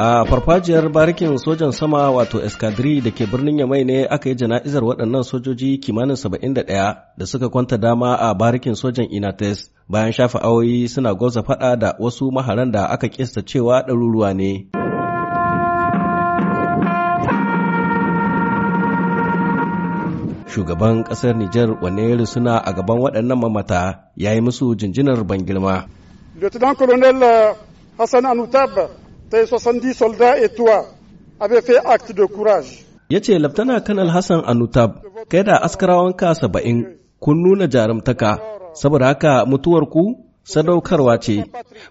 A farfajiyar barikin sojan sama wato eskadri da ke birnin Yamai ne aka yi jana'izar waɗannan sojoji kimanin 71 da suka kwanta dama a barikin sojan Inates bayan shafa awoyi suna gwaza faɗa da wasu maharan da aka kista cewa ɗaruruwa ne. shugaban kasar Nijar Waneri suna a gaban waɗannan mamata ya yi musu jinjinar ban girma. tai 70 soldats et toi avait fait acte de courage. yace Laftana Kanal Hassan Anutab, kai da wanka saba'in kun nuna jarumtaka, saboda haka mutuwar ku sadaukarwa ce,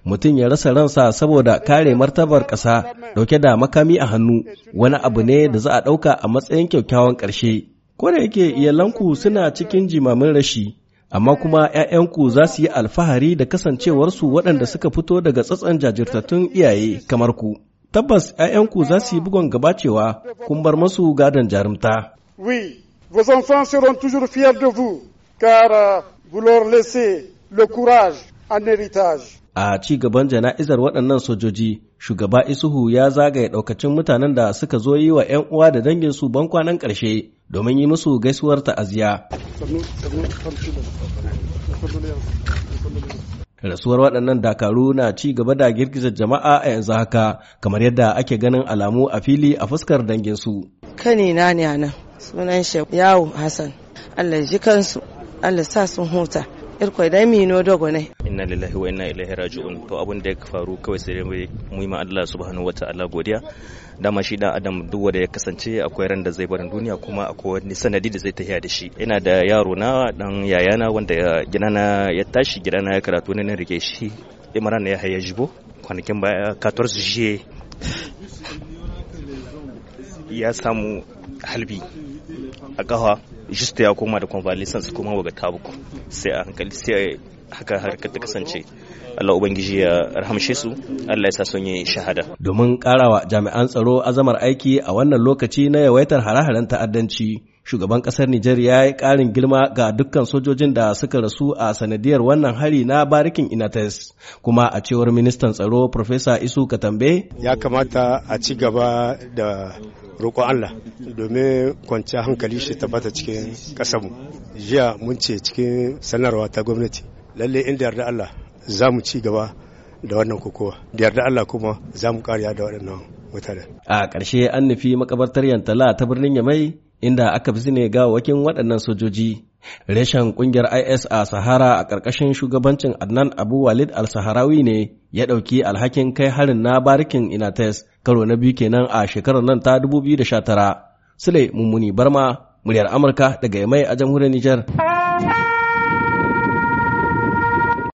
mutum ya rasa ransa saboda kare martabar ƙasa dauke da makami a hannu wani abu ne da za a ɗauka a matsayin kyakkyawan ƙarshe. Ko da yake iyalanku suna cikin jimamin rashi, amma kuma 'ya'yanku za su yi alfahari da kasancewarsu waɗanda suka fito daga tsatsan jajirtattun iyaye kamar ku. Tabbas 'ya'yanku za su yi bugon gaba cewa kun bar masu gadon jarumta. Oui, vos enfants seront toujours fiers euh, A ci gaban jana'izar waɗannan sojoji, shugaba Isuhu ya zagaye ɗaukacin mutanen da suka zo yi wa 'yan uwa da danginsu kwanan ƙarshe domin yi musu gaisuwar ta'aziyya. Rasuwar waɗannan dakaru na ci gaba da girgiza jama'a a yanzu haka kamar yadda ake ganin alamu a fili a fuskar danginsu. Kani na ne a nan sunan shi yawo Hassan. Allah ji kansu, Allah sa sun huta. Irkwai dai mino dogo ne. inna lillahi wa inna ilaihi raji'un to abin da ya faru kawai sai dai mu yi ma Allah subhanahu wata'ala godiya dama shi dan adam duk wanda ya kasance akwai ran da zai barin duniya kuma akwai wani sanadi da zai tafiya da shi ina da yaro na dan yayana wanda na ya tashi gidana ya karatu ne na rike shi Imran ya haye jibo kwanakin baya 14 je ya samu halbi a kafa just ya koma da convalescence kuma waga tabuku sai a hankali sai haka har ta kasance Allah ubangiji ya rahamshe su Allah ya sa sun yi shahada domin karawa jami'an tsaro azamar aiki a wannan lokaci na yawaitar hare-haren ta'addanci shugaban kasar Nijar ya yi karin girma ga dukkan sojojin da suka rasu a sanadiyar wannan hari na barikin Inates kuma a cewar ministan tsaro Profesa Isu Katambe ya kamata a ci gaba da roƙon Allah domin kwanciya hankali shi tabbata cikin ƙasarmu jiya mun ce cikin sanarwa ta gwamnati lalle inda yarda Allah za mu ci gaba da wannan kokowa da yarda Allah kuma za mu kariya da waɗannan mutane a ƙarshe an nufi makabartar yantala ta birnin yamai inda aka fi ne wakin waɗannan sojoji reshen ƙungiyar is a sahara a ƙarƙashin shugabancin adnan abu walid al-saharawi ne ya ɗauki alhakin kai harin na barikin inates karo na biyu kenan a shekarar nan ta 2019 sule mummuni barma muryar amurka daga yamai a jamhuriyar nijar